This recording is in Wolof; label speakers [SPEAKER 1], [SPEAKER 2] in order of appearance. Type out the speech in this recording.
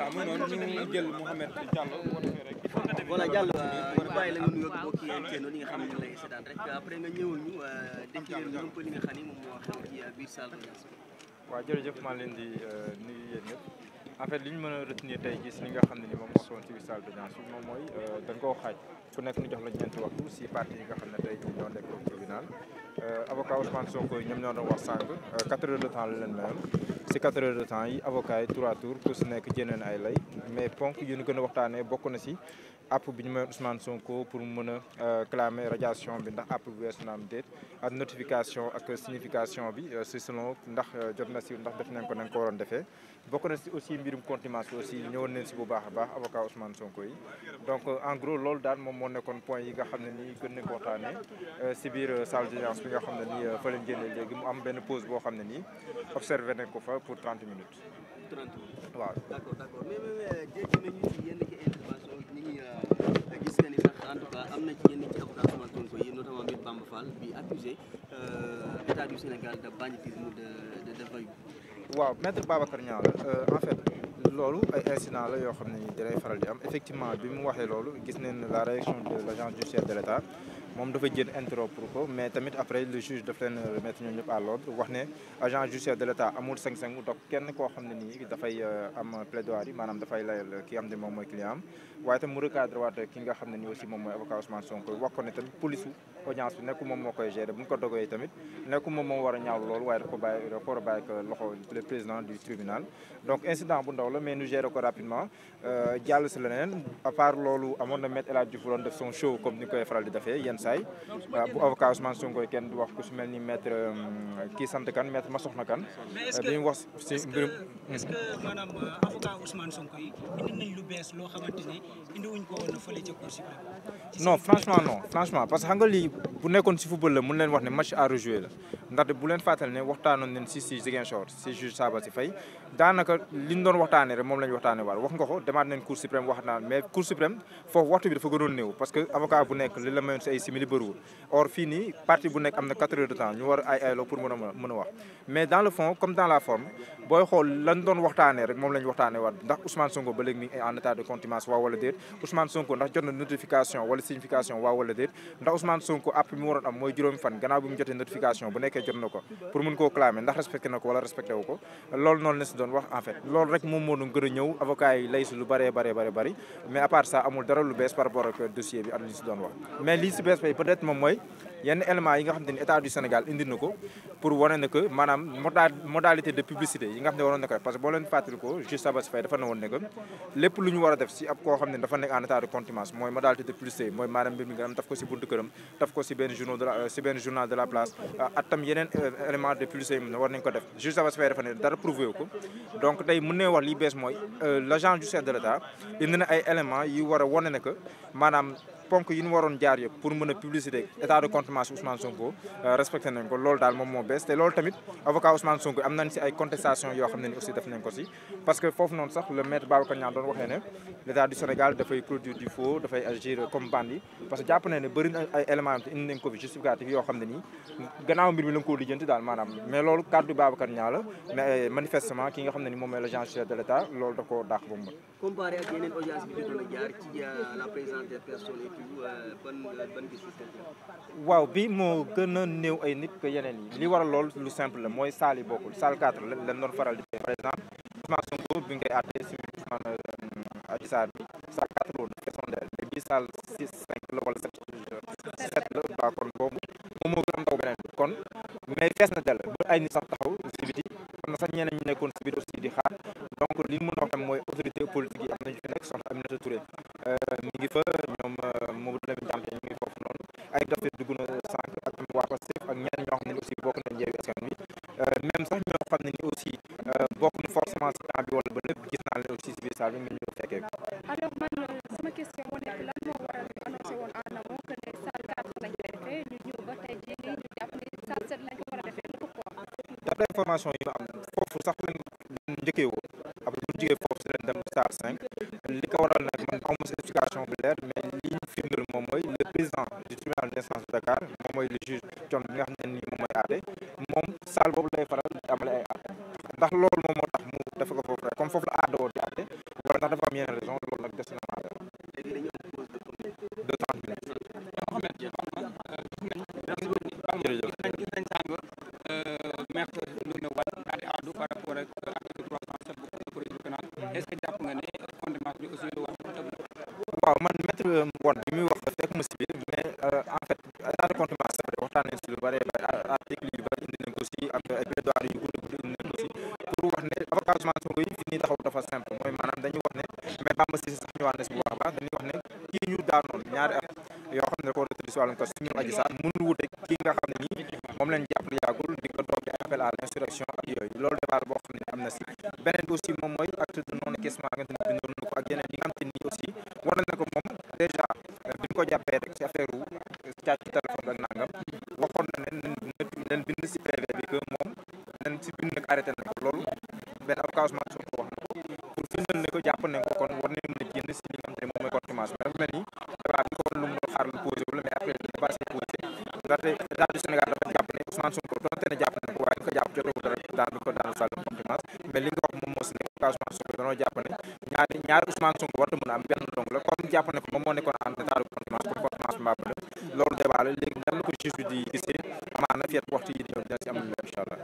[SPEAKER 1] waaw muy noonu ñu jël Mouhamed Diallo boo defee rek. voilà Diallo ñu euh, bàyyi la nga nuyoog mbokk yi teenoon yi nga xam ne lay seetaan rek après nga ñëwal ñu décrire ñu un peu li nga xam ne moom moo xew ci euh, biir salle. waaw jërëjëf maa leen di euh, nuyu yéen ñëpp. en fait li ñu mën a retenir tey gis li nga xam ne ni moom moo soon ci salle d'audience bi moom mooy euh, dañ koo xaaj ku nekk ñu jox la ñeenti waxtu si parti nga xam ne tey ñi ñoo nekk au tribunal euh, avocat Ousmane Sonko yi ñoom ñoo doon wax sànq euh, quatre heures de temps la leen mayoon si quatre heures de temps yi avocat yi trois tours ku si nekk jëneen ay lay mais ponk yu ñu gën a waxtaanee bokk na si app bi ñu mayoon Ousmane Sonko mën a clamer radiation bi ndax app bi weesu naam déet ak notification ak signification bi si selon ndax jot na si ndax def nañ ko nañ ko waroon defee mbirum contumace aussi ñëwoon nañ si bu baax a baax avocat Ousmane Sonko yi donc en gros loolu daal moom moo nekkoon point yi nga xam ne nii gën nañ ko waxtaanee euh, si biir euh, salle d'audience bi nga xam ne nii euh, fa leen génnee léegi mu am benn pause boo xam ne nii observé nañ fa pour 30 minutes. waaw. waaw maître Babacar Niang la euh, en fait loolu ay incident la yoo xam ne dalay faral di am effectivement bi mu waxee loolu gis nañ la réaction de l' judiciaire de l' moom dafa jën interrompre ko mais tamit après le juge de leen remettre ñoom ñëpp à l'ordre wax ne agent judiciaire de l' état amul sañ-sañ mu toog kenn koo xam ne nii dafay euh, am plaidoirie maanaam dafay layal ki am ne moom mooy client am waaye tam mu recadré waat ki nga xam ne nii aussi moom mooy avocat Ousmane Sonko wax audience bi nekku moom moo koy gérer bu ñu ko dogee tamit nekku moom moo war a ñaaw loolu waaye daf bàyyi ko loxo le président du tribunal donc incident bu ndaw la mais ñu gérer ko rapidement euh, jàll si leneen à part loolu amoon na maître El Hadji Diouf def son show comme ni koy faral di defee yenn saay euh, bu avocat Ousmane Sonko kenn du wax ku su mel ni maître euh, kii sant kan maître ma soxna kan bi mu wax si mbirum est-ce que maanaam non franchement parce que xam nga lii bu nekkoon si football la mun leen wax ne match à rejouer la ndaxte bu leen fàttali ne waxtaanoon nañ si si Ziguinchor si juge Saba si fay daanaka liñ doon waxtaanee rek moom la waxtaanee waat wax nga ko demaat nañ cour suprême wax naa mais cour suprême foofu waxtu bi dafa gënoon néew parce que avocat bu nekk li la mayoon si ay simili bëriwul or fii nii partie bu nekk am na quatre heures de temps ñu war ay aylo pour mën a mën a wax mais dans booy xool lan doon waxtaanee rek moom la ñu waxtaanee waat ndax Ousmane Sonko ba léegi mi ngi de contumace waaw wala déet Ousmane Sonko ndax jot na notification wala signification waaw wala déet ndax Ousmane Sonko app bi mu waroon am mooy juróomi fan gannaaw bi mu jotee notification bu nekkee jot na ko pour mun koo clamer ndax respecté na ko wala respecté ko loolu noonu si doon wax en fait rek moom moo doon gën a ñëw avocat yi lay si lu bëree bëree bëri bëri mais à part ça amul dara lu bees par rapport ak dossier bi ak li si doon wax mais lii yi nga xam ne waroon na ko def parce que boo leen fàttali ko juge Sabassy Faye dafa ne woon ne lépp lu ñu war def si ab koo xam ne dafa nekk en état de contumace mooy modalité de publicité mooy maanaam mbir mi nga am taf de la si benn journal de la euh, de publicité yi war ne wax li bees mooy l' agent du chef de l' indi na ay éléments yi war a ne que maanaam ponk yi ñu pour mën a publicité état de contenance Ousmane Sonko euh, respecté nañ ko loolu daal moom moo bees te loolu tamit avocat Ousmane Sonko am nañ si ay contestation yoo xam ne ni aussi def nañ ko si parce que foofu noonu sax le maître Babacar Niang doon waxee ne l' du Sénégal dafay produire du faux dafay agir comme bandit parce que justificatif yoo xam ne nii gannaaw mbir mi la nga koo daal maanaam mais loolu kàddu Babacar Niang mais euh, manifestement waaw bi moo gën a néew ay nit que yeneen yi li waral lool lu simple la mooy saal yi bokkul saal 4 la lan doon faral di par exemple Ousmane Sonko bi ngay àttee si Ousmane euh, Adji Sarr bi saal 4 la woon dafa sondeel mais bii saal 6 5 la wala 7 7 la ba kon boobu moom moo gën a ndaw beneen kon mais fees na dell ba ay nit sax taxaw si am na sax ñeneen ñu nekkoon si biti aussi di xaar donc li mën a wax tam mooy autorité politique yi am nañu fi nekk soxna Aminata Touré euh, mi ngi fa commencé a bi wala ba lépp gis naa leen aussi si biir salle bi nga ñëw fekkee ko. alors man euh, sama question moo a après bu ñu jógee foofu si lañ dem salle cinq li ko waral nag man amul explication bu leer li ñu firndeel moom mooy le président du tribunal d'instance de Dakar moom mooy le juge Thion bi nga xam ne nii moom mooy aate moom salle boobu ay aate ndax maître bi muy wax fekk mu si biir mais en fait daal de compte maanaam sax waxtaan nañ si lu bëree bëri article yu bëri indi nañ ko si ak ay plaidoiries yu gudd gudd ko si pour wax ne avocat Ousmane Sonko fi ñuy taxaw dafa simple mooy maanaam dañuy wax ne mais Bamba Cissé sax ñëwaat na si bu baax a dañuy wax ne kii ñu daanoon ñaari at yoo xam ne ko retraité si wàllum tos si ñoom Adji Sarr mënul wute kii nga xam ne nii moom lañ jàpp lu di ko toog di appel à l' boo xam ne am na si beneen aussi moom mooy leen bind si PV bi que moom leen si bind nag arrêté nañ ko loolu benn avocat Ousmane Sonko wax na ko pour firndeel ne ko jàpp nañ ko kon war nañu mën a génn si li nga xam te ne moom ko waaye nga ko jàpp jotewul dara ko wax moom a benn loolu débat la léegi nan la di gisee amaana fii ak waxtu yi di ñëw